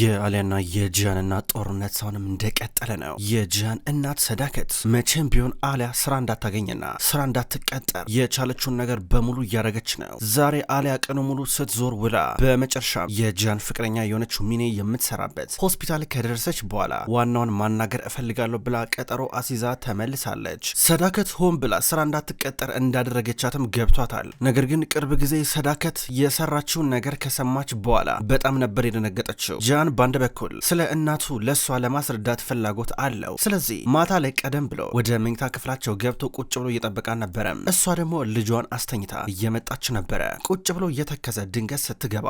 የአሊያና የጂያን እናት ጦርነት ሰውንም እንደቀጠለ ነው። የጂያን እናት ሰዳከት መቼም ቢሆን አሊያ ስራ እንዳታገኝና ስራ እንዳትቀጠር የቻለችውን ነገር በሙሉ እያደረገች ነው። ዛሬ አሊያ ቀኑ ሙሉ ስትዞር ውላ በመጨረሻ የጂያን ፍቅረኛ የሆነችው ሚኔ የምትሰራበት ሆስፒታል ከደረሰች በኋላ ዋናውን ማናገር እፈልጋለሁ ብላ ቀጠሮ አሲዛ ተመልሳለች። ሰዳከት ሆን ብላ ስራ እንዳትቀጠር እንዳደረገቻትም ገብቷታል። ነገር ግን ቅርብ ጊዜ ሰዳከት የሰራችውን ነገር ከሰማች በኋላ በጣም ነበር የደነገጠችው። ጃን ባንድ በኩል ስለ እናቱ ለእሷ ለማስረዳት ፍላጎት አለው። ስለዚህ ማታ ላይ ቀደም ብሎ ወደ መኝታ ክፍላቸው ገብቶ ቁጭ ብሎ እየጠበቃ ነበረ። እሷ ደግሞ ልጇን አስተኝታ እየመጣች ነበረ። ቁጭ ብሎ እየተከዘ ድንገት ስትገባ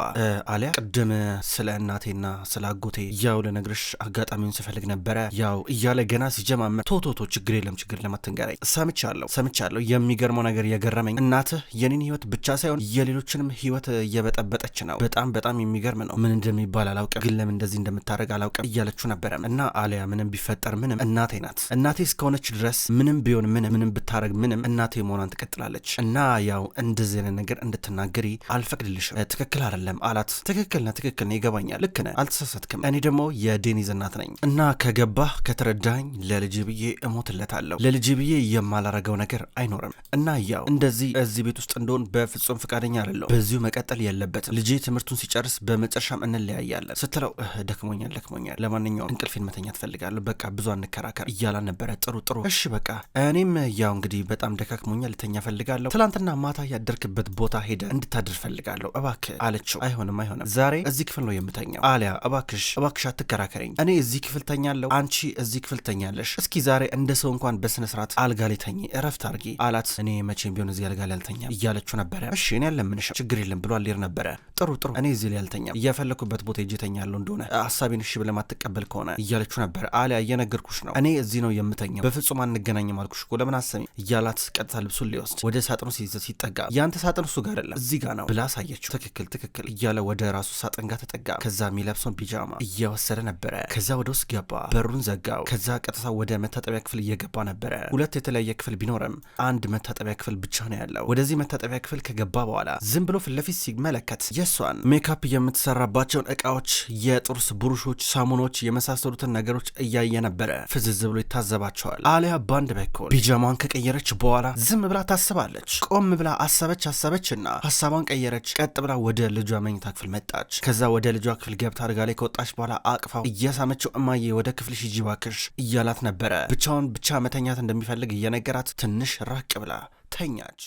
አሊያ ቅድም ስለ እናቴና ስለ አጎቴ ያው ለነግርሽ አጋጣሚውን ስፈልግ ነበረ ያው እያለ ገና ሲጀማመር ቶቶቶ ችግር የለም ችግር ለማትንገራኝ ሰምቻለሁ ሰምቻለሁ። የሚገርመው ነገር የገረመኝ እናትህ የኔን ህይወት ብቻ ሳይሆን የሌሎችንም ህይወት እየበጠበጠች ነው። በጣም በጣም የሚገርም ነው። ምን እንደሚባል አላውቅም ልጄን እንደዚህ እንደምታደርግ አላውቅም እያለችው ነበረ። እና አሊያ ምንም ቢፈጠር ምንም እናቴ ናት። እናቴ እስከሆነች ድረስ ምንም ቢሆን ምንም ምንም ብታረግ ምንም እናቴ መሆኗን ትቀጥላለች። እና ያው እንደዚህ አይነት ነገር እንድትናገሪ አልፈቅድልሽም። ትክክል አይደለም አላት። ትክክል ነህ፣ ትክክል ነህ፣ ይገባኛል፣ ልክ ነህ፣ አልተሳሳትክም። እኔ ደግሞ የዴኒዝ እናት ነኝ እና ከገባህ ከተረዳኝ ለልጅ ብዬ እሞትለታለሁ። ለልጅ ብዬ የማላረገው ነገር አይኖርም። እና ያው እንደዚህ እዚህ ቤት ውስጥ እንደሆን በፍጹም ፈቃደኛ አይደለሁም። በዚሁ መቀጠል የለበትም። ልጄ ትምህርቱን ሲጨርስ በመጨረሻም እንለያያለን ስትለው ደክሞኛል ደክሞኛል፣ ለማንኛውም እንቅልፌን መተኛ ትፈልጋለሁ፣ በቃ ብዙ አንከራከር እያላን ነበረ። ጥሩ ጥሩ፣ እሺ በቃ እኔም ያው እንግዲህ በጣም ደካክሞኛል፣ ልተኛ ፈልጋለሁ። ትላንትና ማታ ያደርክበት ቦታ ሄደ እንድታድር ፈልጋለሁ እባክህ አለችው። አይሆንም አይሆንም፣ ዛሬ እዚህ ክፍል ነው የምተኛው አሊያ፣ እባክሽ እባክሽ አትከራከረኝ። እኔ እዚህ ክፍል ተኛለሁ፣ አንቺ እዚህ ክፍል ተኛለሽ። እስኪ ዛሬ እንደ ሰው እንኳን በስነ ስርዓት አልጋ ላይ ተኝ፣ እረፍት አርጊ አላት። እኔ መቼም ቢሆን እዚህ አልጋ ላይ አልተኛም እያለችው ነበረ። እሺ እኔ ያለምንሽ ችግር የለም ብሎ አልሄድ ነበረ። ጥሩ ጥሩ፣ እኔ እዚህ ላይ አልተኛም እያፈለግኩበት ቦታ ሄጄ ተኛ ያለው እንደሆነ ሀሳቤን እሺ ብለህ ማትቀበል ከሆነ እያለችው ነበር። አሊያ እየነገርኩሽ ነው እኔ እዚህ ነው የምተኘው፣ በፍጹም አንገናኝም አልኩሽ እኮ ለምን አሰሚ እያላት ቀጥታ ልብሱን ሊወስድ ወደ ሳጥኑ ሲጠጋ ያንተ ሳጥን እሱ ጋር አይደለም እዚህ ጋር ነው ብላ ሳየችው። ትክክል ትክክል እያለ ወደ ራሱ ሳጥን ጋር ተጠጋ። ከዛ የሚለብሰውን ቢጃማ እየወሰደ ነበረ። ከዛ ወደ ውስጥ ገባ፣ በሩን ዘጋው። ከዛ ቀጥታ ወደ መታጠቢያ ክፍል እየገባ ነበረ። ሁለት የተለያየ ክፍል ቢኖርም አንድ መታጠቢያ ክፍል ብቻ ነው ያለው። ወደዚህ መታጠቢያ ክፍል ከገባ በኋላ ዝም ብሎ ፊት ለፊት ሲመለከት የሷን ሜካፕ የምትሰራባቸውን እቃዎች የጥርስ ብሩሾች፣ ሳሙኖች የመሳሰሉትን ነገሮች እያየ ነበረ ፍዝዝ ብሎ ይታዘባቸዋል። አሊያ ባንድ በኩል ቢጃማን ከቀየረች በኋላ ዝም ብላ ታስባለች። ቆም ብላ አሰበች አሰበችና ሀሳቧን ቀየረች። ቀጥ ብላ ወደ ልጇ መኝታ ክፍል መጣች። ከዛ ወደ ልጇ ክፍል ገብታ አድጋ ላይ ከወጣች በኋላ አቅፋው እያሳመችው እማዬ ወደ ክፍል ሂጂ ባክሽ እያላት ነበረ። ብቻውን ብቻ መተኛት እንደሚፈልግ እየነገራት ትንሽ ራቅ ብላ ተኛች።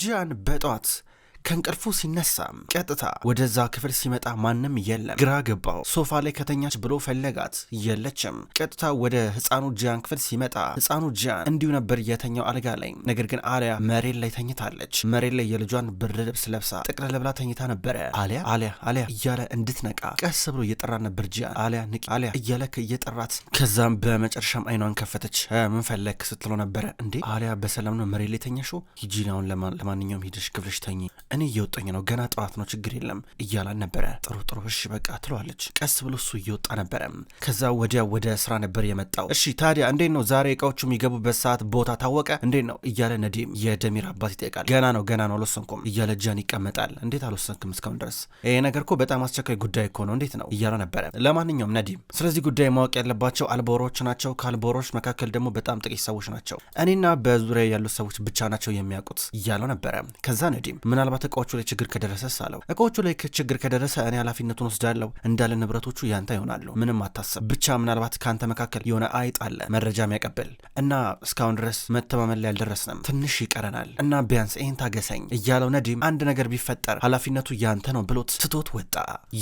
ጂያን በጠዋት ከእንቅልፉ ሲነሳ ቀጥታ ወደዛ ክፍል ሲመጣ ማንም የለም። ግራ ገባው። ሶፋ ላይ ከተኛች ብሎ ፈለጋት፣ የለችም። ቀጥታ ወደ ህፃኑ ጂያን ክፍል ሲመጣ ህፃኑ ጂያን እንዲሁ ነበር የተኛው አልጋ ላይ። ነገር ግን አሊያ መሬት ላይ ተኝታለች። መሬት ላይ የልጇን ብርድ ልብስ ለብሳ ጥቅልል ብላ ተኝታ ነበረ። አሊያ አሊያ አሊያ እያለ እንድትነቃ ቀስ ብሎ እየጠራ ነበር ጂያን። አሊያ ንቂ፣ አሊያ እያለ እየጠራት ከዛም በመጨረሻም አይኗን ከፈተች። ምን ፈለግ ስትለው ነበረ። እንዴ አሊያ በሰላም ነው መሬት ላይ ተኛሹ? ሂጂናውን ለማንኛውም ሂደሽ ክፍልሽ ተኝ እኔ እየወጣኝ ነው፣ ገና ጠዋት ነው፣ ችግር የለም እያላን ነበረ። ጥሩ ጥሩ፣ እሺ በቃ ትለዋለች። ቀስ ብሎ እሱ እየወጣ ነበረ። ከዛ ወዲያ ወደ ስራ ነበር የመጣው። እሺ ታዲያ እንዴት ነው ዛሬ እቃዎቹ የሚገቡበት ሰዓት ቦታ ታወቀ እንዴት ነው እያለ ነዲም የደሚር አባት ይጠይቃል። ገና ነው ገና ነው አልወሰንኩም እያለ ጃን ይቀመጣል። እንዴት አልወሰንክም እስካሁን ድረስ ይሄ ነገር እኮ በጣም አስቸኳይ ጉዳይ እኮ ነው እንዴት ነው እያለ ነበረ። ለማንኛውም ነዲም ስለዚህ ጉዳይ ማወቅ ያለባቸው አልቦሮች ናቸው። ከአልቦሮች መካከል ደግሞ በጣም ጥቂት ሰዎች ናቸው። እኔና በዙሪያ ያሉት ሰዎች ብቻ ናቸው የሚያውቁት እያለው ነበረ። ከዛ ነዲም ምናልባት ምናልባት እቃዎቹ ላይ ችግር ከደረሰስ አለው። እቃዎቹ ላይ ችግር ከደረሰ እኔ ኃላፊነቱን ወስዳለሁ እንዳለ ንብረቶቹ ያንተ ይሆናሉ። ምንም አታስብ። ብቻ ምናልባት ከአንተ መካከል የሆነ አይጥ አለ መረጃ የሚያቀብል እና እስካሁን ድረስ መተማመን ላይ አልደረስንም። ትንሽ ይቀረናል እና ቢያንስ ይህን ታገሰኝ እያለው ነዲም አንድ ነገር ቢፈጠር ኃላፊነቱ ያንተ ነው ብሎት ትቶት ወጣ።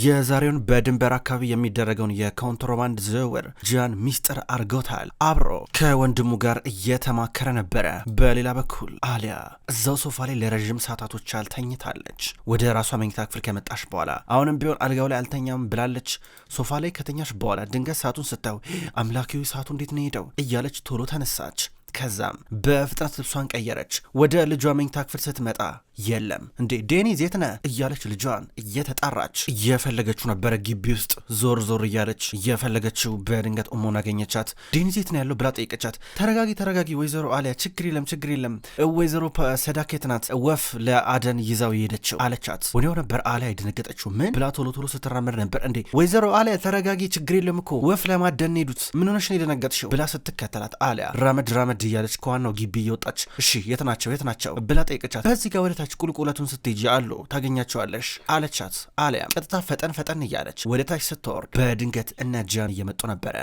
የዛሬውን በድንበር አካባቢ የሚደረገውን የኮንትሮባንድ ዝውውር ጂያን ሚስጥር አድርገውታል። አብሮ ከወንድሙ ጋር እየተማከረ ነበረ። በሌላ በኩል አሊያ እዛው ሶፋ ላይ ለረዥም ሰዓታቶች አልተኛ ተኝታለች። ወደ ራሷ መኝታ ክፍል ከመጣሽ በኋላ አሁንም ቢሆን አልጋው ላይ አልተኛም ብላለች። ሶፋ ላይ ከተኛሽ በኋላ ድንገት ሰዓቱን ስታየው አምላኪ ሰዓቱ እንዴት ነው ሄደው እያለች ቶሎ ተነሳች። ከዛም በፍጥነት ልብሷን ቀየረች። ወደ ልጇ መኝታ ክፍል ስትመጣ የለም እንዴ ዴኒዝ የት ነህ እያለች ልጇን እየተጣራች እየፈለገችው ነበረ። ግቢ ውስጥ ዞር ዞር እያለች እየፈለገችው በድንገት ኦሞን አገኘቻት። ዴኒዝ የት ነው ያለው ብላ ጠይቀቻት። ተረጋጊ ተረጋጊ፣ ወይዘሮ አሊያ ችግር የለም ችግር የለም ወይዘሮ ሰዳኬት ናት ወፍ ለአደን ይዛው የሄደችው አለቻት። ወዲያው ነበር አሊያ የደነገጠችው። ምን ብላ ቶሎ ቶሎ ስትራመድ ነበር። እንዴ ወይዘሮ አሊያ ተረጋጊ፣ ችግር የለም እኮ ወፍ ለማደን ሄዱት፣ ምን ሆነሽ ነው የደነገጥሽው ብላ ስትከተላት አሊያ ራመድ ራመድ ናዲ እያለች ከዋናው ግቢ እየወጣች እሺ የት ናቸው የት ናቸው ብላ ጠይቀቻት። ከዚህ ጋር ወደታች ቁልቁለቱን ስትሄጂ አሉ ታገኛቸዋለሽ አለቻት። አሊያም ቀጥታ ፈጠን ፈጠን እያለች ወደታች ስትወርድ በድንገት እነ ጃን እየመጡ ነበረ።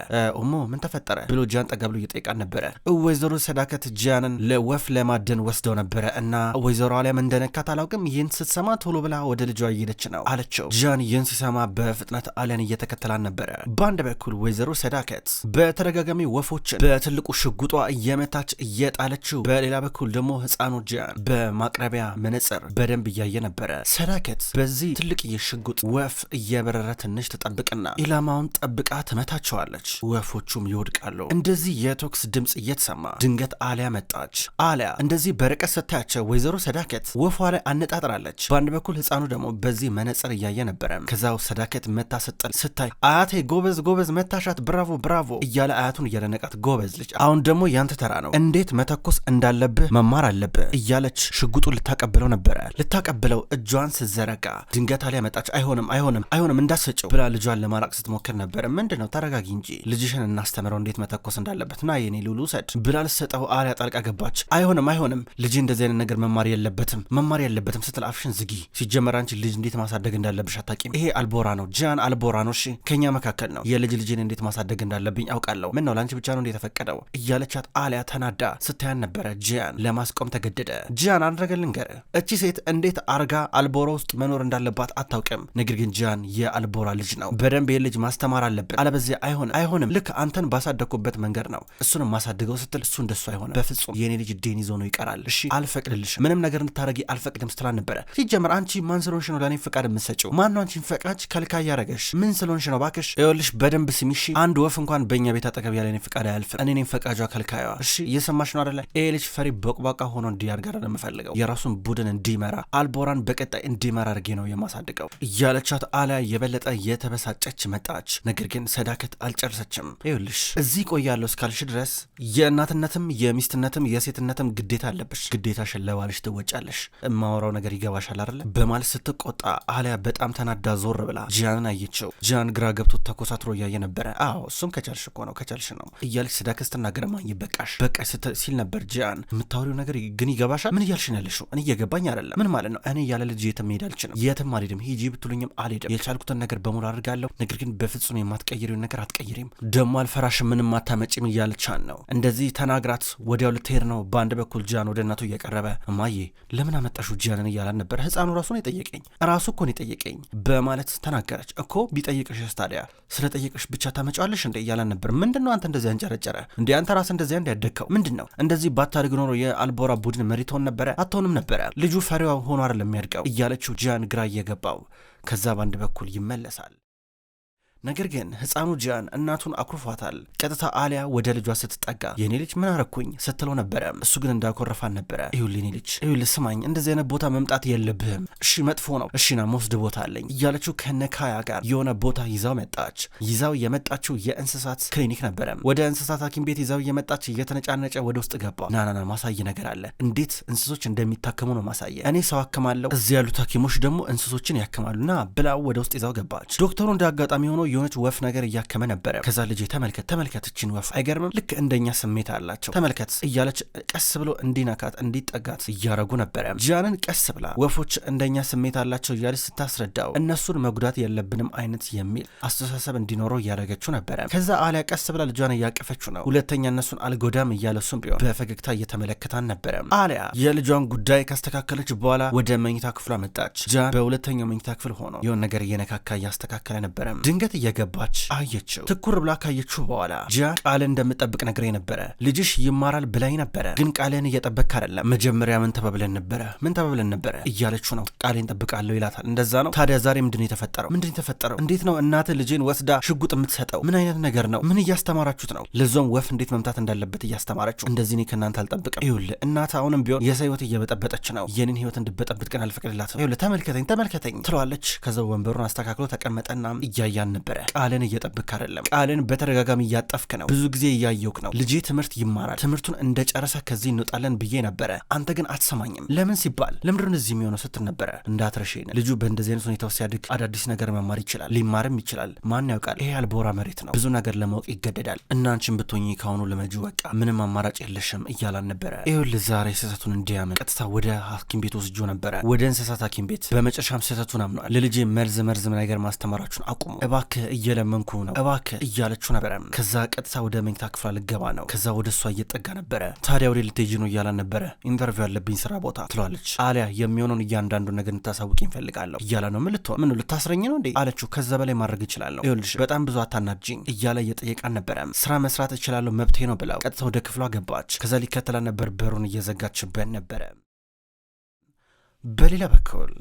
ሞ ምን ተፈጠረ ብሎ ጃን ጠጋ ብሎ እየጠይቃን ነበረ። ወይዘሮ ሰዳከት ጃንን ለወፍ ለማደን ወስደው ነበረ እና ወይዘሮ አሊያም እንደነካት አላውቅም። ይህን ስትሰማ ቶሎ ብላ ወደ ልጇ እየሄደች ነው አለችው። ጃን ይህን ሲሰማ በፍጥነት አሊያን እየተከተላን ነበረ። በአንድ በኩል ወይዘሮ ሰዳከት በተደጋጋሚ ወፎችን በትልቁ ሽጉጧ እየመ እየመታች እየጣለችው። በሌላ በኩል ደግሞ ህፃኑ ጂያን በማቅረቢያ መነጽር በደንብ እያየ ነበረ። ሰዳከት በዚህ ትልቅ የሽጉጥ ወፍ እየበረረ ትንሽ ትጠብቅና ኢላማውን ጠብቃ ትመታቸዋለች። ወፎቹም ይወድቃሉ። እንደዚህ የቶክስ ድምፅ እየተሰማ ድንገት አሊያ መጣች። አሊያ እንደዚህ በርቀት ስታያቸው ወይዘሮ ሰዳከት ወፏ ላይ አነጣጥራለች። በአንድ በኩል ህፃኑ ደግሞ በዚህ መነጽር እያየ ነበረ። ከዛው ሰዳከት መታ ስታይ አያቴ ጎበዝ ጎበዝ መታሻት፣ ብራቮ ብራቮ እያለ አያቱን እያደነቃት ጎበዝ ልጅ አሁን ደግሞ ያንተ ተራ ነው። እንዴት መተኮስ እንዳለብህ መማር አለብህ እያለች ሽጉጡን ልታቀብለው ነበረ። ልታቀብለው እጇን ስዘረጋ ድንገት አሊያ መጣች። አይሆንም፣ አይሆንም፣ አይሆንም እንዳሰጭው ብላ ልጇን ለማራቅ ስትሞክር ነበረ። ምንድን ነው ተረጋጊ እንጂ ልጅሽን እናስተምረው እንዴት መተኮስ እንዳለበት ና የኔ ልውል ውሰድ ብላ ልሰጠው አሊያ ጣልቃ ገባች። አይሆንም፣ አይሆንም ልጅ እንደዚህ አይነት ነገር መማር የለበትም፣ መማር የለበትም ስትል አፍሽን ዝጊ። ሲጀመር አንቺ ልጅ እንዴት ማሳደግ እንዳለብሽ አታቂም። ይሄ አልቦራ ነው፣ ጃን አልቦራ ነው። እሺ ከእኛ መካከል ነው። የልጅ ልጅን እንዴት ማሳደግ እንዳለብኝ አውቃለሁ። ምን ነው ለአንቺ ብቻ ነው እንዴት የተፈቀደው? እያለቻት አሊያ ተናዳ ስታያን ነበረ ጂያን ለማስቆም ተገደደ። ጂያን አንድ ነገር ልንገር፣ እቺ ሴት እንዴት አርጋ አልቦራ ውስጥ መኖር እንዳለባት አታውቅም። ነገር ግን ጂያን የአልቦራ ልጅ ነው። በደንብ ልጅ ማስተማር አለብን፣ አለበዚያ አይሆን አይሆንም። ልክ አንተን ባሳደግኩበት መንገድ ነው እሱንም ማሳድገው ስትል እሱ እንደሱ አይሆንም፣ በፍጹም የእኔ ልጅ ዴን ይዞ ነው ይቀራል። እሺ አልፈቅድልሽ፣ ምንም ነገር እንድታረጊ አልፈቅድም ስትላን ነበረ። ሲጀምር አንቺ ማን ስለሆንሽ ነው ለእኔ ፍቃድ የምትሰጪው? ማነው አንቺን ፈቃጅ ከልካ እያረገሽ? ምን ስለሆንሽ ነው? ባክሽ ይኸውልሽ፣ በደንብ ስሚሽ። አንድ ወፍ እንኳን በእኛ ቤት አጠገብ ያለ እኔ ፈቃድ አያልፍም። እኔ እኔም ፈቃጇ ከልካዩዋ። እሺ እየሰማሽ ነው አደለ? ይሄ ልጅ ፈሪ በቁባቃ ሆኖ እንዲያድግ አደለ የምፈልገው፣ የራሱን ቡድን እንዲመራ አልቦራን በቀጣይ እንዲመራ አድርጌ ነው የማሳድገው እያለቻት አሊያ የበለጠ የተበሳጨች መጣች። ነገር ግን ሰዳከት አልጨርሰችም። ይኸውልሽ እዚህ ቆያለሁ እስካልሽ ድረስ የእናትነትም የሚስትነትም የሴትነትም ግዴታ አለብሽ። ግዴታሽን ለባልሽ ትወጫለሽ። የማወራው ነገር ይገባሻል አደለ? በማለት ስትቆጣ አሊያ በጣም ተናዳ ዞር ብላ ጂያንን አየችው። ጂያን ግራ ገብቶ ተኮሳትሮ እያየ ነበረ። አዎ እሱም ከቻልሽ እኮ ነው ከቻልሽ ነው እያለች ሰዳከት ስትናገር ማኝ በቃሽ በቃ ሲል ነበር ጂያን። የምታወሪው ነገር ግን ይገባሻል? ምን እያልሽ ነው ያለሽው? እኔ እየገባኝ አይደለም። ምን ማለት ነው? እኔ ያለ ልጅ የትም መሄድ አልችልም። የትም አልሄድም። ሂጂ ብትሉኝም አልሄድም። የቻልኩትን ነገር በሙሉ አድርጋለሁ። ነገር ግን በፍጹም የማትቀይሪውን ነገር አትቀይሪም። ደግሞ አልፈራሽ፣ ምንም አታመጪም እያለቻን ነው። እንደዚህ ተናግራት ወዲያው ልትሄድ ነው። በአንድ በኩል ጂያን ወደ እናቱ እየቀረበ እማዬ ለምን አመጣሹ ጂያንን እያላን ነበር። ህፃኑ ራሱ ነው የጠየቀኝ፣ ራሱ እኮ ነው የጠየቀኝ በማለት ተናገረች። እኮ ቢጠይቅሽስ ታዲያ ስለጠየቅሽ ብቻ ታመጫዋለሽ እንደ እያላን ነበር። ምንድን ነው አንተ እንደዚያ እንጨረጨረ እንዲ አንተ ራስ እንደዚያ እንዲያደግ ያደረግከው ምንድን ነው? እንደዚህ ባታደርግ ኖሮ የአልቦራ ቡድን መሪቶን ነበረ አትሆንም ነበረ። ልጁ ፈሪዋ ሆኖ አይደለም የሚያድቀው እያለችው ጂያን ግራ እየገባው ከዛ በአንድ በኩል ይመለሳል። ነገር ግን ህፃኑ ጂያን እናቱን አኩርፏታል። ቀጥታ አሊያ ወደ ልጇ ስትጠጋ የኔ ልጅ ምን አረኩኝ ስትለው ነበረ። እሱ ግን እንዳኮረፋን ነበረ። ይሁል ልጅ ይሁል፣ ስማኝ፣ እንደዚህ አይነት ቦታ መምጣት የለብህም እሺ፣ መጥፎ ነው እሺ፣ ና ቦታ አለኝ እያለችው ከነካያ ጋር የሆነ ቦታ ይዛው መጣች። ይዛው የመጣችው የእንስሳት ክሊኒክ ነበረ። ወደ እንስሳት ሐኪም ቤት ይዛው የመጣች እየተነጫነጨ ወደ ውስጥ ገባ። ናናና ማሳይ ነገር አለ፣ እንዴት እንስሶች እንደሚታከሙ ነው ማሳየ። እኔ ሰው አክማለሁ፣ እዚህ ያሉት ሐኪሞች ደግሞ እንስሶችን ያክማሉና ብላው ወደ ውስጥ ይዛው ገባች። ዶክተሩ እንደ አጋጣሚ ሆኖ የሆነች ወፍ ነገር እያከመ ነበረ። ከዛ ልጄ ተመልከት ተመልከትችን ወፍ አይገርምም? ልክ እንደኛ ስሜት አላቸው ተመልከት እያለች ቀስ ብሎ እንዲነካት እንዲጠጋት እያረጉ ነበረ። ጂያንን ቀስ ብላ ወፎች እንደኛ ስሜት አላቸው እያለች ስታስረዳው እነሱን መጉዳት የለብንም አይነት የሚል አስተሳሰብ እንዲኖረው እያደረገችው ነበረ። ከዛ አሊያ ቀስ ብላ ልጇን እያቀፈችው ነው። ሁለተኛ እነሱን አልጎዳም እያለ እሱም ቢሆን በፈገግታ እየተመለከታን ነበረ። አሊያ የልጇን ጉዳይ ካስተካከለች በኋላ ወደ መኝታ ክፍሏ መጣች። ጂያን በሁለተኛው መኝታ ክፍል ሆኖ የሆነ ነገር እየነካካ እያስተካከለ ነበረ ድንገት እየገባች አየችው። ትኩር ብላ ካየችው በኋላ ጃክ ቃልን እንደምጠብቅ ነግሬ ነበረ፣ ልጅሽ ይማራል ብላኝ ነበረ፣ ግን ቃልን እየጠበክ አይደለም። መጀመሪያ ምን ተባብለን ነበረ? ምን ተባብለን ነበረ እያለችው ነው። ቃሌን ጠብቃለሁ ይላታል። እንደዛ ነው ታዲያ ዛሬ ምንድን የተፈጠረው? ምንድን የተፈጠረው? እንዴት ነው እናት ልጄን ወስዳ ሽጉጥ የምትሰጠው? ምን አይነት ነገር ነው? ምን እያስተማራችሁት ነው? ለዞም ወፍ እንዴት መምታት እንዳለበት እያስተማረችው። እንደዚህ እኔ ከእናንተ አልጠብቅም። ይኸውልህ እናት አሁንም ቢሆን የሰው ህይወት እየበጠበጠች ነው። የኔን ህይወት እንድበጠብጥ ግን አልፈቅድላት ይኸውልህ ተመልከተኝ፣ ተመልከተኝ ትለዋለች። ከዛ ወንበሩን አስተካክሎ ተቀመጠና እያያን ነበረ። ቃልን እየጠብክ አይደለም። ቃልን በተደጋጋሚ እያጠፍክ ነው። ብዙ ጊዜ እያየውክ ነው። ልጄ ትምህርት ይማራል። ትምህርቱን እንደጨረሰ ከዚህ እንወጣለን ብዬ ነበረ። አንተ ግን አትሰማኝም። ለምን ሲባል ለምድርን እዚህ የሚሆነው ስትል ነበረ። እንዳትረሽን ልጁ በእንደዚህ አይነት ሁኔታ ውስጥ ሲያድግ አዳዲስ ነገር መማር ይችላል፣ ሊማርም ይችላል። ማን ያውቃል? ይሄ አልቦራ መሬት ነው። ብዙ ነገር ለማወቅ ይገደዳል። እናንችን ብትሆኚ ከአሁኑ ልመጁ፣ በቃ ምንም አማራጭ የለሽም እያላን ነበረ። ይኸውልህ ዛሬ ስህተቱን እንዲያምን ቀጥታ ወደ ሐኪም ቤት ወስጆ ነበረ፣ ወደ እንስሳት ሐኪም ቤት። በመጨረሻም ስህተቱን አምኗል። ለልጄ መርዝ መርዝ ነገር ማስተማራችሁን አቁሙ እባክ እባክህ እየለመንኩ ነው እባክህ እያለችው ነበረ። ከዛ ቀጥታ ወደ መኝታ ክፍሏ ልገባ ነው። ከዛ ወደ እሷ እየጠጋ ነበረ። ታዲያ ወደ ልትሄጂ ነው እያላን ነበረ። ኢንተርቪው ያለብኝ ስራ ቦታ ትሏለች። አሊያ የሚሆነውን እያንዳንዱ ነገር እንድታሳውቅ ይፈልጋለሁ እያለ ነው። ምን ልትሆን ምን ልታስረኝ ነው እንዴ አለችው። ከዛ በላይ ማድረግ እችላለሁ፣ ይኸውልሽ በጣም ብዙ አታናጅኝ እያለ እየጠየቃን ነበረ። ስራ መስራት እችላለሁ መብቴ ነው ብለው ቀጥታ ወደ ክፍሏ ገባች። ከዛ ሊከተላ ነበር፣ በሩን እየዘጋችበን ነበረ። በሌላ በኩል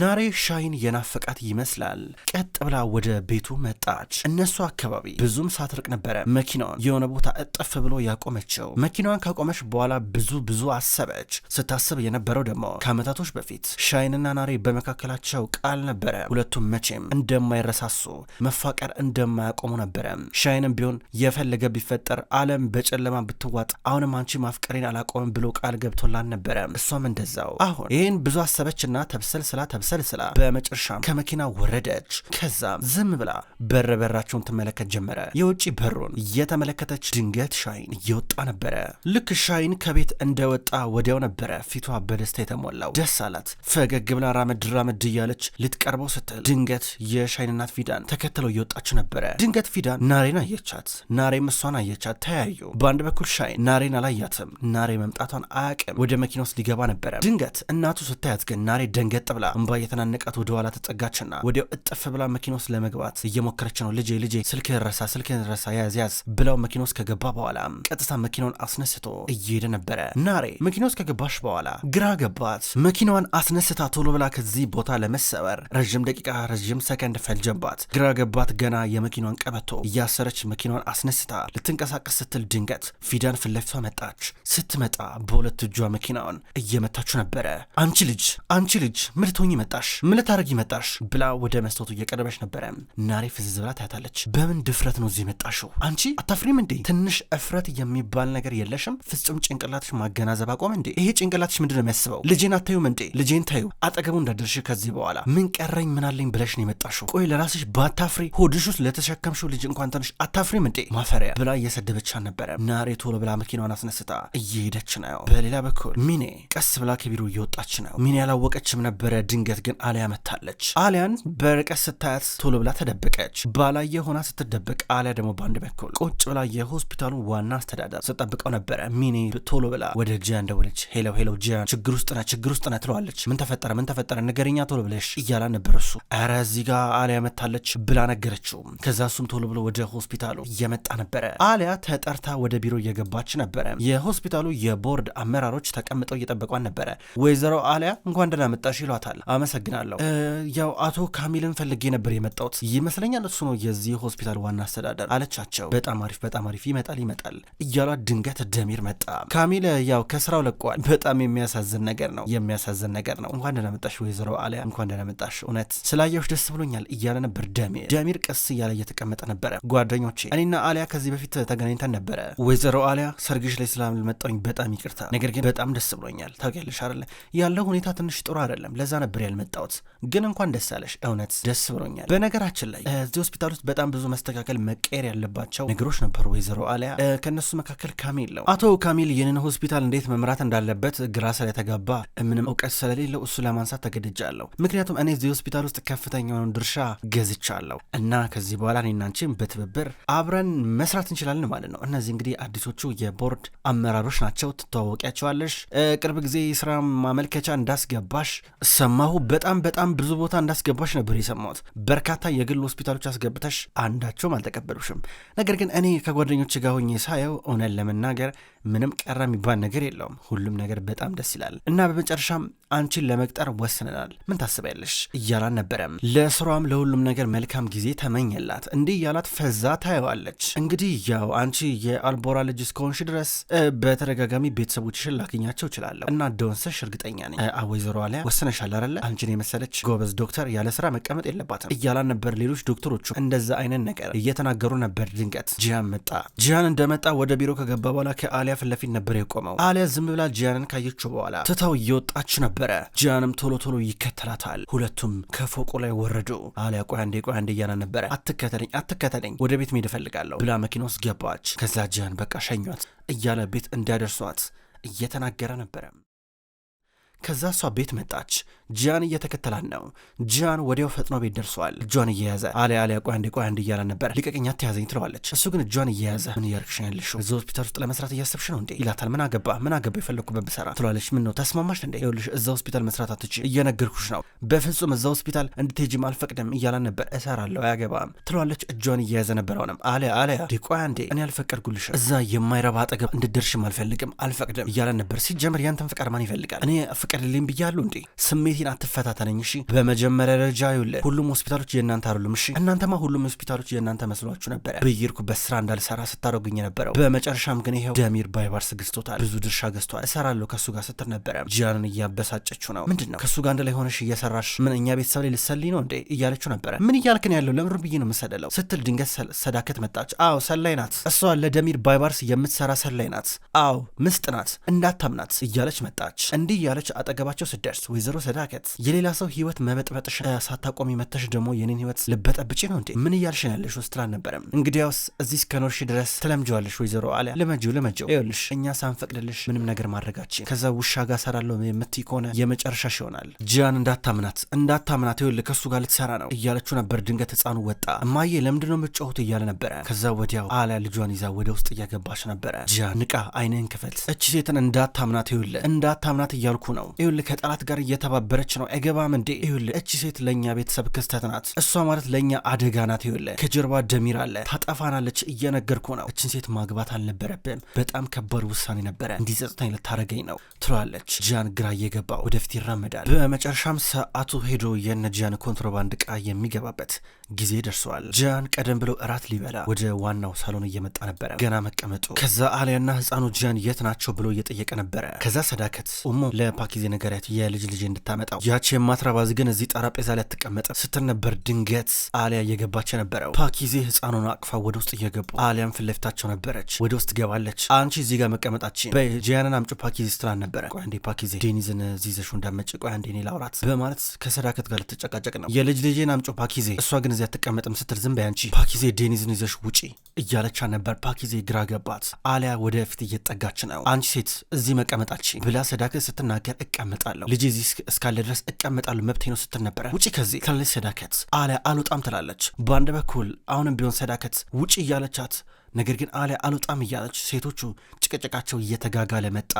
ናሬ ሻይን የናፈቃት ይመስላል። ቀጥ ብላ ወደ ቤቱ መጣች። እነሱ አካባቢ ብዙም ሳትርቅ ነበረ መኪናዋን የሆነ ቦታ እጥፍ ብሎ ያቆመችው። መኪናዋን ካቆመች በኋላ ብዙ ብዙ አሰበች። ስታስብ የነበረው ደግሞ ከዓመታቶች በፊት ሻይንና ናሬ በመካከላቸው ቃል ነበረ፣ ሁለቱም መቼም እንደማይረሳሱ መፋቀር እንደማያቆሙ ነበረ። ሻይንም ቢሆን የፈለገ ቢፈጠር ዓለም በጨለማ ብትዋጥ አሁንም አንቺ ማፍቀሬን አላቆምም ብሎ ቃል ገብቶላን ነበረ። እሷም እንደዛው። አሁን ይህን ብዙ አሰበችና ተብሰል ስላ ተብሰልስላ በመጨረሻም ከመኪና ወረደች። ከዛም ዝም ብላ በር በራቸውን ትመለከት ጀመረ። የውጭ በሩን እየተመለከተች ድንገት ሻይን እየወጣ ነበረ። ልክ ሻይን ከቤት እንደወጣ ወዲያው ነበረ ፊቷ በደስታ የተሞላው። ደስ አላት። ፈገግ ብላ ራመድ ራመድ እያለች ልትቀርበው ስትል ድንገት የሻይን እናት ፊዳን ተከትለው እየወጣች ነበረ። ድንገት ፊዳን ናሬን አየቻት፣ ናሬም እሷን አየቻት። ተያዩ። በአንድ በኩል ሻይን ናሬን አላያትም። ናሬ መምጣቷን አያቅም። ወደ መኪና ውስጥ ሊገባ ነበረ። ድንገት እናቱ ስታያት ግን ናሬ ደንገጥ ብላ እምባ እየተናነቃት ወደ ኋላ ተጸጋችና ወዲያው እጥፍ ብላ መኪና ውስጥ ለመግባት እየሞከረች ነው። ልጄ ልጄ ስልክ ረሳ፣ ስልክ ረሳ፣ ያዝ ያዝ ብለው መኪና ውስጥ ከገባ በኋላ ቀጥታ መኪናውን አስነስቶ እየሄደ ነበረ። ናሬ መኪና ውስጥ ከገባሽ በኋላ ግራ ገባት። መኪናዋን አስነስታ ቶሎ ብላ ከዚህ ቦታ ለመሰበር ረዥም ደቂቃ ረዥም ሰከንድ ፈልጀባት። ግራ ገባት። ገና የመኪናዋን ቀበቶ እያሰረች መኪናዋን አስነስታ ልትንቀሳቀስ ስትል ድንገት ፊዳን ፊት ለፊቷ መጣች። ስትመጣ በሁለት እጇ መኪናውን እየመታችው ነበረ። አንቺ ልጅ አንቺ ልጅ ምልቶኝ ምን ይመጣሽ? ምን ልታደርግ ይመጣሽ? ብላ ወደ መስታወቱ እየቀረበች ነበረ። ናሬ ፍዝዝ ብላ ታያታለች። በምን ድፍረት ነው እዚህ የመጣሽው? አንቺ አታፍሪም እንዴ? ትንሽ እፍረት የሚባል ነገር የለሽም? ፍጹም ጭንቅላትሽ ማገናዘብ አቆም እንዴ? ይሄ ጭንቅላትሽ ምንድን ነው የሚያስበው? ልጄን አታዩም እንዴ? ልጄን ታዩ አጠገቡ እንዳደርሽ ከዚህ በኋላ ምን ቀረኝ ምናለኝ ብለሽ ነው የመጣሽው? ቆይ ለራስሽ ባታፍሪ ሆድሽ ውስጥ ለተሸከምሽው ልጅ እንኳን ትንሽ አታፍሪም እንዴ? ማፈሪያ ብላ እየሰደበች ነበረ። ናሬ ቶሎ ብላ መኪናዋን አስነስታ እየሄደች ነው። በሌላ በኩል ሚኔ ቀስ ብላ ከቢሮ እየወጣች ነው። ሚኔ ያላወቀችም ነበረ ድን ድንገት ግን አሊያ መታለች። አሊያን በርቀት ስታያት ቶሎ ብላ ተደብቀች ባላየ ሆና ስትደበቅ፣ አሊያ ደግሞ በአንድ በኩል ቁጭ ብላ የሆስፒታሉ ዋና አስተዳደር ስጠብቀው ነበረ። ሚኒ ቶሎ ብላ ወደ ጂያን ደወለች። ሄለው ሄለው፣ ጂያን ችግር ውስጥ ነህ፣ ችግር ውስጥ ነህ ትለዋለች። ምን ተፈጠረ? ምን ተፈጠረ? ነገርኛ ቶሎ ብለሽ እያላ ነበር እሱ። ኧረ እዚህ ጋ አሊያ መታለች ብላ ነገረችው። ከዛ እሱም ቶሎ ብሎ ወደ ሆስፒታሉ እየመጣ ነበረ። አሊያ ተጠርታ ወደ ቢሮ እየገባች ነበረ። የሆስፒታሉ የቦርድ አመራሮች ተቀምጠው እየጠበቋን ነበረ። ወይዘሮ አሊያ እንኳን ደህና መጣሽ ይሏታል። አመሰግናለሁ። ያው አቶ ካሚልን ፈልጌ ነበር የመጣሁት ይመስለኛል፣ እሱ ነው የዚህ ሆስፒታል ዋና አስተዳደር አለቻቸው። በጣም አሪፍ በጣም አሪፍ ይመጣል ይመጣል እያሏ ድንገት ደሚር መጣ። ካሚል ያው ከስራው ለቋል። በጣም የሚያሳዝን ነገር ነው የሚያሳዝን ነገር ነው። እንኳን ደህና መጣሽ ወይዘሮ አሊያ፣ እንኳን ደህና መጣሽ፣ እውነት ስላየሁሽ ደስ ብሎኛል እያለ ነበር ደሚር። ደሚር ቀስ እያለ እየተቀመጠ ነበረ። ጓደኞቼ፣ እኔና አሊያ ከዚህ በፊት ተገናኝተን ነበረ። ወይዘሮ አሊያ ሰርግሽ ላይ ስላልመጣሁኝ በጣም ይቅርታ፣ ነገር ግን በጣም ደስ ብሎኛል። ታውቂያለሽ አይደለ ያለው ሁኔታ ትንሽ ጥሩ አይደለም፣ ለዛ ነበር ነበር ያልመጣሁት፣ ግን እንኳን ደስ አለሽ። እውነት ደስ ብሎኛል። በነገራችን ላይ እዚህ ሆስፒታል ውስጥ በጣም ብዙ መስተካከል፣ መቀየር ያለባቸው ነገሮች ነበሩ ወይዘሮ አሊያ። ከእነሱ መካከል ካሚል ነው። አቶ ካሚል ይህንን ሆስፒታል እንዴት መምራት እንዳለበት ግራ ስለተጋባ ምንም እውቀት ስለሌለው እሱ ለማንሳት ተገድጃለሁ። ምክንያቱም እኔ እዚህ ሆስፒታል ውስጥ ከፍተኛውን ድርሻ ገዝቻለሁ እና ከዚህ በኋላ እኔና አንቺም በትብብር አብረን መስራት እንችላለን ማለት ነው። እነዚህ እንግዲህ አዲሶቹ የቦርድ አመራሮች ናቸው። ትተዋወቂያቸዋለሽ። ቅርብ ጊዜ ስራ ማመልከቻ እንዳስገባሽ ሰማሁ እነሆ በጣም በጣም ብዙ ቦታ እንዳስገባሽ ነበር የሰማሁት። በርካታ የግል ሆስፒታሎች አስገብተሽ አንዳቸውም አልተቀበሉሽም። ነገር ግን እኔ ከጓደኞች ጋር ሆኜ ሳየው እውነት ለመናገር ምንም ቀረ የሚባል ነገር የለውም። ሁሉም ነገር በጣም ደስ ይላል እና በመጨረሻም አንቺን ለመቅጠር ወስነናል። ምን ታስቢያለሽ እያላን ነበረም። ለስሯም ለሁሉም ነገር መልካም ጊዜ ተመኘላት። እንዲህ እያላት ፈዛ ታየዋለች። እንግዲህ ያው አንቺ የአልቦራ ልጅ እስከሆንሽ ድረስ በተደጋጋሚ ቤተሰቦችሽን ላገኛቸው እችላለሁ እና ደወንሰሽ እርግጠኛ ነኝ። ወይዘሮ አሊያ ወስነሻል አይደለ? አንቺን የመሰለች ጎበዝ ዶክተር ያለ ስራ መቀመጥ የለባትም እያላን ነበር። ሌሎች ዶክተሮቹ እንደዛ አይነት ነገር እየተናገሩ ነበር። ድንገት ጂያን መጣ። ጂያን እንደመጣ ወደ ቢሮ ከገባ በኋላ ከአሊያ ፊት ለፊት ነበር የቆመው። አሊያ ዝም ብላ ጂያንን ካየችው በኋላ ትታው እየወጣች ነበረ። ጂያንም ቶሎ ቶሎ ይከተላታል። ሁለቱም ከፎቁ ላይ ወረዱ። አሊያ ቆይ አንዴ ቆይ አንዴ እያላ ነበረ። አትከተለኝ አትከተለኝ፣ ወደ ቤት መሄድ እፈልጋለሁ ብላ መኪና ውስጥ ገባች። ከዛ ጂያን በቃ ሸኟት እያለ ቤት እንዳደርሷት እየተናገረ ነበረ። ከዛ እሷ ቤት መጣች። ጂያን እየተከተላት ነው። ጂያን ወዲያው ፈጥኖ ቤት ደርሷል። እጇን እየያዘ አሊ አሊ ቆይ አንዴ ቆይ አንዴ እያላ ነበር። ልቀቀኝ አትያዘኝ ትለዋለች። እሱ ግን እጇን እየያዘ ምን እያርክሽን ያለሽ እዚህ ሆስፒታል ውስጥ ለመስራት እያሰብሽ ነው እንዴ ይላታል። ምን አገባ ምን አገባ የፈለግኩበት ብሰራ ትለዋለች። ምን ነው ተስማማሽ እንዴ? ይኸውልሽ እዛ ሆስፒታል መስራት አትች እየነገርኩሽ ነው። በፍጹም እዛ ሆስፒታል እንድትሄጂም አልፈቅድም እያላ ነበር። እሰራለሁ አያገባም ትለዋለች። እጇን እየያዘ ነበር። አሁንም አሊ አሊ እንዴ ቆይ አንዴ እኔ አልፈቀድኩልሽም። እዛ የማይረባ አጠገብ እንድደርሽም አልፈልግም አልፈቅድም እያላ ነበር። ሲጀምር ያንተን ፍቃድ ማን ይፈልጋል እኔ ፈቀድልኝ ብያለሁ እንዴ? ስሜቴን አትፈታተነኝ እሺ። በመጀመሪያ ደረጃ ይውለ ሁሉም ሆስፒታሎች የእናንተ አይደሉም እሺ። እናንተማ ሁሉም ሆስፒታሎች የእናንተ መስሏችሁ ነበረ ብይርኩበት ስራ እንዳልሰራ ስታደርጉኝ ነበረው። በመጨረሻም ግን ይኸው ደሚር ባይባርስ ገዝቶታል፣ ብዙ ድርሻ ገዝቷል። እሰራለሁ ከእሱ ጋር ስትር ነበረ። ጂያንን እያበሳጨችው ነው። ምንድን ነው ከእሱ ጋር አንድ ላይ ሆነሽ እየሰራሽ ምን እኛ ቤተሰብ ላይ ልትሰልይ ነው እንዴ እያለችው ነበረ። ምን እያልክን ያለው ለምሩ ብዬ ነው የምሰልለው ስትል ድንገት ሰዳከት መጣች። አዎ ሰላይ ናት እሷ ለደሚር ባይባርስ የምትሰራ ሰላይ ናት። አዎ ምስጥ ናት እንዳታምናት እያለች መጣች። እንዲህ እያለች አጠገባቸው ስደርስ ወይዘሮ ሰዳከት የሌላ ሰው ህይወት መበጥበጥሽ ሳታቆሚ መተሽ ደግሞ የኔን ህይወት ልበጠብጭ ነው እንዴ? ምን እያልሽ ነው ያለሽው? ስትል አልነበረም። እንግዲያውስ እዚህ እስከኖርሽ ድረስ ትለምጀዋለሽ ወይዘሮ አሊያ። ልመጂው ልመጂው፣ ይኸውልሽ እኛ ሳንፈቅድልሽ ምንም ነገር ማድረጋችን ከዛ ውሻ ጋር ሰራለሁ የምትይ ከሆነ የመጨረሻሽ ይሆናል። ጂያን እንዳታምናት እንዳታምናት፣ ይኸውልህ ከእሱ ጋር ልትሰራ ነው እያለችው ነበር። ድንገት ህፃኑ ወጣ። እማዬ ለምንድን ነው የምትጮሁት? እያለ ነበረ። ከዛ ወዲያው አሊያ ልጇን ይዛ ወደ ውስጥ እያገባች ነበረ። ጂያን ንቃ፣ አይንህን ክፈት፣ እቺ ሴትን እንዳታምናት፣ ይኸውልህ እንዳታምናት እያልኩ ነው ይሁል ከጠላት ጋር እየተባበረች ነው። አይገባም እንዴ? ይሁል እቺ ሴት ለእኛ ቤተሰብ ክስተት ናት። እሷ ማለት ለእኛ አደጋ ናት። ይሁል ከጀርባ ደሚር አለ፣ ታጠፋናለች። እየነገርኩ ነው። እችን ሴት ማግባት አልነበረብን። በጣም ከባድ ውሳኔ ነበረ። እንዲጸጽታኝ ልታረገኝ ነው ትሏለች። ጃን ግራ እየገባ ወደፊት ይራመዳል። በመጨረሻም ሰዓቱ ሄዶ የነ ኮንትሮባንድ እቃ የሚገባበት ጊዜ ደርሷል። ጂያን ቀደም ብለው እራት ሊበላ ወደ ዋናው ሳሎን እየመጣ ነበረ፣ ገና መቀመጡ። ከዛ አሊያና ህፃኑ ጂያን የት ናቸው ብሎ እየጠየቀ ነበረ። ከዛ ሰዳከት ኡሞ ለፓኪዜ ነገሪያት የልጅ ልጅ እንድታመጣው ያቺ የማትራባዝ ግን እዚህ ጠረጴዛ ላይ አትቀመጥም ስትል ነበር። ድንገት አሊያ እየገባች ነበረው። ፓኪዜ ህፃኑን አቅፋ ወደ ውስጥ እየገቡ አሊያም ፊት ለፊታቸው ነበረች። ወደ ውስጥ ገባለች። አንቺ እዚህ ጋር መቀመጣችን በጂያንን አምጪ ፓኪዜ ስትላን ነበረ። ቆይ አንዴ ፓኪዜ ዴኒዝን ዚዘሹ እንዳመጭ ቆይ አንዴ እኔ ላውራት በማለት ከሰዳከት ጋር ልትጨቃጨቅ ነው። የልጅ ልጄን አምጪ ፓኪዜ እሷ ግን እዚህ አትቀመጥም ስትል ዝም በይ አንቺ ፓኪዜ ዴኒዝን ይዘሽ ውጪ እያለቻ ነበር። ፓኪዜ ግራ ገባት። አሊያ ወደፊት እየጠጋች ነው። አንቺ ሴት እዚህ መቀመጣች ብላ ሰዳከ ስትናገር እቀመጣለሁ ልጅ እዚህ እስካለ ድረስ እቀመጣለሁ መብቴ ነው ስትል ነበረ። ውጪ ከዚህ ትላለች ሰዳከት። አሊያ አልወጣም ትላለች። በአንድ በኩል አሁንም ቢሆን ሰዳከት ውጪ እያለቻት ነገር ግን አሊያ አልወጣም እያለች ሴቶቹ ጭቅጭቃቸው እየተጋጋለ መጣ።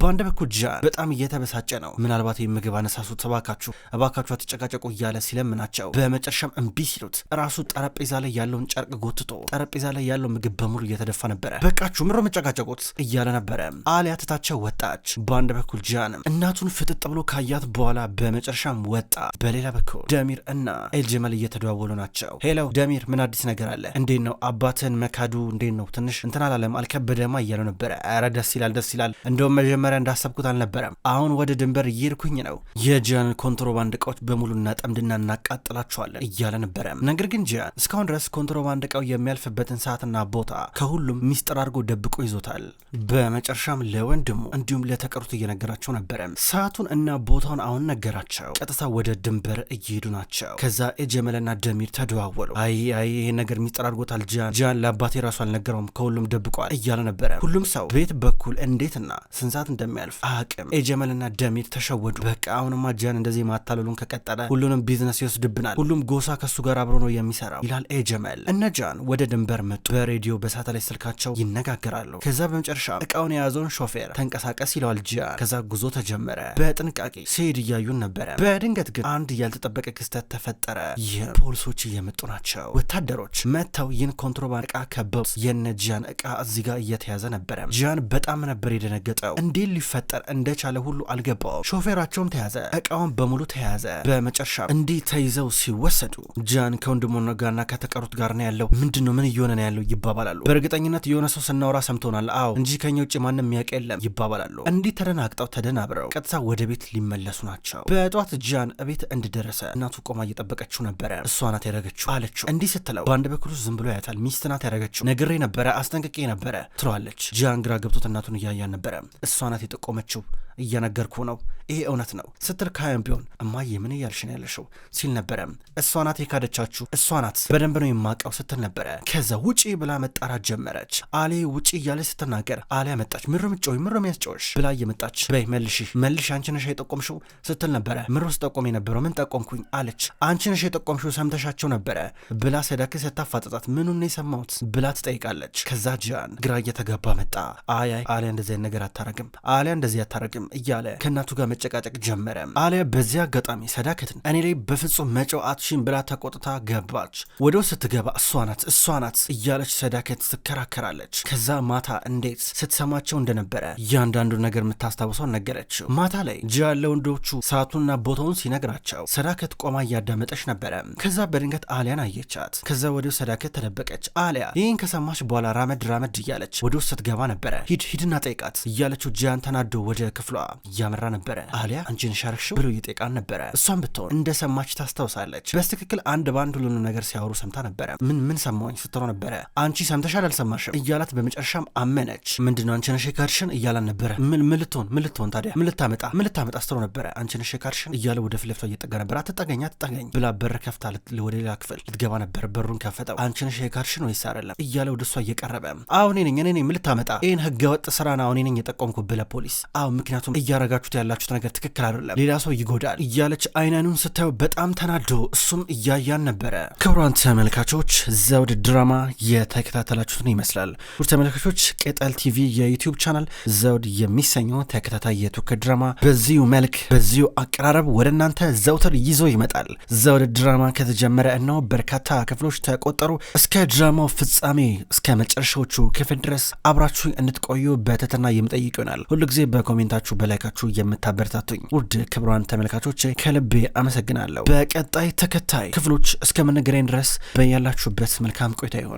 በአንድ በኩል ጃን በጣም እየተበሳጨ ነው። ምናልባት ምግብ አነሳሱት እባካችሁ እባካችሁ አትጨቃጨቁ እያለ ሲለምናቸው በመጨረሻም እምቢ ሲሉት ራሱ ጠረጴዛ ላይ ያለውን ጨርቅ ጎትቶ ጠረጴዛ ላይ ያለው ምግብ በሙሉ እየተደፋ ነበረ። በቃችሁ ምሮ መጨቃጨቁት እያለ ነበረ። አሊያ ትታቸው ወጣች። በአንድ በኩል ጃን እናቱን ፍጥጥ ብሎ ካያት በኋላ በመጨረሻም ወጣ። በሌላ በኩል ደሚር እና ኤልጀመል እየተደዋወሉ ናቸው። ሄለው ደሚር፣ ምን አዲስ ነገር አለ? እንዴት ነው አባትን መካዱ እንዴት ነው ትንሽ እንትን አላለም አልከበደማ እያለው ነበረ። ኧረ ደስ ይላል ደስ ይላል። እንደውም መጀመሪያ እንዳሰብኩት አልነበረም። አሁን ወደ ድንበር እየሄድኩኝ ነው። የጂያን ኮንትሮባንድ እቃዎች በሙሉ እናጠምድና እናቃጥላቸዋለን እያለ ነበረ። ነገር ግን ጂያን እስካሁን ድረስ ኮንትሮባንድ እቃው የሚያልፍበትን ሰዓትና ቦታ ከሁሉም ሚስጥር አድርጎ ደብቆ ይዞታል። በመጨረሻም ለወንድሙ እንዲሁም ለተቀሩት እየነገራቸው ነበረ። ሰዓቱን እና ቦታውን አሁን ነገራቸው። ቀጥታ ወደ ድንበር እየሄዱ ናቸው። ከዛ ኤጀመልና ደሚር ተደዋወሉ። አይ አይ ይሄን ነገር ሚስጥር አድርጎታል ጂያን ጂያን ለአባቴ ራሱ አልነገረውም፣ ከሁሉም ደብቋል እያለ ነበረ። ሁሉም ሰው ቤት በኩል እንዴትና ስንሳት እንደሚያልፍ አቅም ኤጀመልና ደሚር ተሸወዱ። በቃ አሁንማ ጃን እንደዚህ ማታለሉን ከቀጠለ ሁሉንም ቢዝነስ ይወስድብናል፣ ሁሉም ጎሳ ከሱ ጋር አብሮ ነው የሚሰራው ይላል ኤጀመል። እነ ጃን ወደ ድንበር መጡ። በሬዲዮ በሳተላይት ስልካቸው ይነጋገራሉ። ከዛ በመጨረሻ እቃውን የያዘውን ሾፌር ተንቀሳቀስ ይለዋል ጃን። ከዛ ጉዞ ተጀመረ። በጥንቃቄ ሲሄድ እያዩን ነበረ። በድንገት ግን አንድ ያልተጠበቀ ክስተት ተፈጠረ። ይህም ፖሊሶች እየመጡ ናቸው። ወታደሮች መጥተው ይህን ኮንትሮባንድ እቃ ከበው የነ ጂያን እቃ እዚህ ጋር እየተያዘ ነበረ። ጂያን በጣም ነበር የደነገጠው። እንዴት ሊፈጠር እንደቻለ ሁሉ አልገባውም። ሾፌራቸውም ተያዘ፣ እቃውን በሙሉ ተያዘ። በመጨረሻ እንዲህ ተይዘው ሲወሰዱ ጂያን ከወንድሞና ጋርና ከተቀሩት ጋር ነው ያለው። ምንድን ነው ምን እየሆነ ነው ያለው ይባባላሉ። በእርግጠኝነት የሆነ ሰው ስናወራ ሰምቶናል፣ አዎ እንጂ ከኛ ውጭ ማንም የሚያውቅ የለም ይባባላሉ። እንዲህ ተደናግጠው ተደናብረው ቀጥታ ወደ ቤት ሊመለሱ ናቸው። በጠዋት ጂያን እቤት እንደደረሰ እናቱ ቆማ እየጠበቀችው ነበረ። እሷ ናት ያደረገችው አለችው። እንዲህ ስትለው በአንድ በኩል ዝም ብሎ ያያታል። ሚስት ናት ያደረገችው ነግሬ ነበረ፣ አስጠንቅቄ ነበረ ትለዋለች። ጂያን ግራ ገብቶት እናቱን እያያን ነበረ። እሷ ናት የጠቆመችው እየነገርኩ ነው፣ ይሄ እውነት ነው ስትል ካያም ቢሆን እማዬ ምን እያልሽ ነው ያለሽው ሲል ነበረ። እሷ ናት የካደቻችሁ፣ እሷ ናት በደንብ ነው የማውቀው ስትል ነበረ። ከዛ ውጪ ብላ መጣራት ጀመረች። አሌ ውጪ እያለች ስትናገር አሌ ያመጣች ምሮ ምጮይ ምሮ ያስጮሽ ብላ እየመጣች በይ መልሽ መልሽ፣ አንቺ ነሽ የጠቆምሽው ስትል ነበረ። ምሮ ስጠቆም የነበረው ምን ጠቆምኩኝ አለች። አንቺ ነሽ የጠቆምሽው ሰምተሻቸው ነበረ ብላ ሰዳክ ስታፋጠጣት ምኑን ነው የሰማሁት ብላ ትጠይቃለች። ከዛ ጃን ግራ እየተገባ መጣ። አያይ አሊያ እንደዚህ ነገር አታረግም፣ አሊያ እንደዚህ አታረግም አልችልም እያለ ከእናቱ ጋር መጨቃጨቅ ጀመረ። አሊያ በዚህ አጋጣሚ ሰዳከትን እኔ ላይ በፍጹም መጫው አትሽን ብላ ተቆጥታ ገባች። ወደ ውስጥ ስትገባ እሷ ናት እሷ ናት እያለች ሰዳከት ትከራከራለች። ከዛ ማታ እንዴት ስትሰማቸው እንደነበረ እያንዳንዱ ነገር የምታስታውሰው ነገረችው። ማታ ላይ ጂያ ወንዶቹ ሰዓቱንና ቦታውን ሲነግራቸው ሰዳከት ቆማ እያዳመጠች ነበረ። ከዛ በድንገት አሊያን አየቻት። ከዛ ወደ ሰዳከት ተደበቀች። አሊያ ይህን ከሰማች በኋላ ራመድ ራመድ እያለች ወደ ውስጥ ስትገባ ነበረ። ሂድ ሂድና ጠይቃት እያለችው ጂያን ተናዶ ወደ ክፍሏ መስሏ እያመራ ነበረ። አሊያ አንቺን ሻርክሽው ብሎ እየጠቃን ነበረ። እሷን ብትሆን እንደሰማች ታስታውሳለች። በስትክክል አንድ በአንድ ሁሉንም ነገር ሲያወሩ ሰምታ ነበረ። ምን ምን ሰማኝ ስትለው ነበረ። አንቺ ሰምተሻል አልሰማሽም እያላት በመጨረሻም አመነች። ምንድነው አንቺነሽ ሸካርሽን እያላን ነበረ። ምን ልትሆን ምን ልትሆን ታዲያ ምን ልታመጣ ምን ልታመጣ ስትለው ነበረ። አንቺነሽ ሸካርሽን እያለ ወደ ፊት ለፊቷ እየጠጋ ነበረ። አትጠገኝ አትጠገኝ ብላ በር ከፍታ ወደ ሌላ ክፍል ልትገባ ነበር። በሩን ከፈተው። አንቺነሽ ሸካርሽን ወይስ አይደለም እያለ ወደ እሷ እየቀረበ አሁን ነኝ እኔ ምን ልታመጣ ይህን ህገወጥ ስራን አሁን ነኝ የጠቆምኩ ብለ ፖሊስ አሁ ምክንያቱ ምክንያቱም እያረጋችሁት ያላችሁት ነገር ትክክል አይደለም፣ ሌላ ሰው ይጎዳል እያለች አይናኑን ስታዩ በጣም ተናዶ እሱም እያያን ነበረ። ክቡራን ተመልካቾች ዘውድ ድራማ የተከታተላችሁትን ይመስላል። ውድ ተመልካቾች ቅጠል ቲቪ የዩቲዩብ ቻናል ዘውድ የሚሰኘው ተከታታይ የቱርክ ድራማ በዚሁ መልክ በዚሁ አቀራረብ ወደ እናንተ ዘውትር ይዞ ይመጣል። ዘውድ ድራማ ከተጀመረ እነው በርካታ ክፍሎች ተቆጠሩ። እስከ ድራማው ፍጻሜ እስከ መጨረሻዎቹ ክፍል ድረስ አብራችሁ እንድትቆዩ በትህትና የምጠይቅ ይሆናል። ሁሉ ጊዜ በኮሜንታችሁ ሆናችሁ በላይካችሁ የምታበረታቱኝ ውድ ክብሯን ተመልካቾች ከልቤ አመሰግናለሁ። በቀጣይ ተከታይ ክፍሎች እስከምንገናኝ ድረስ በያላችሁበት መልካም ቆይታ ይሆን።